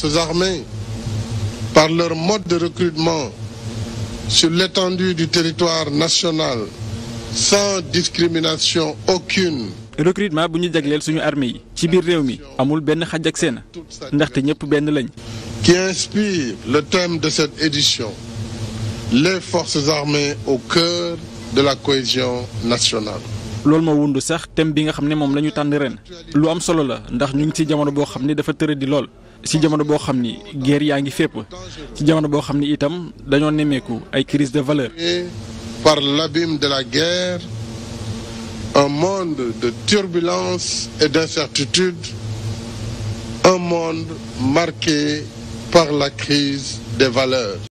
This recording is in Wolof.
Ces armées, par leur mode de recrutement sur l'étendue du territoire national, sans discrimination aucune. recrutement bu ñu jagleel suñu armée yi ci biir réew mi amul benn xaj ak seen ndaxte ñëpp benn lañ. qui inspire le thème de cette édition les forces armées au cœur de la cohésion nationale. loolu moo wundu sax thème bi nga xam ne moom la ñu tànn ren lu am solo la ndax ñu ngi ci jamono boo xam ne dafa tëradi lool. ci jamono boo xam ni guerre yaa ngi fépp ci jamono boo xam ni itam dañoo nemmeeku ay crise de valeur. par l'abîme de la guerre un monde de turbulence et d'incertitude un monde marqué par la crise des valeurs.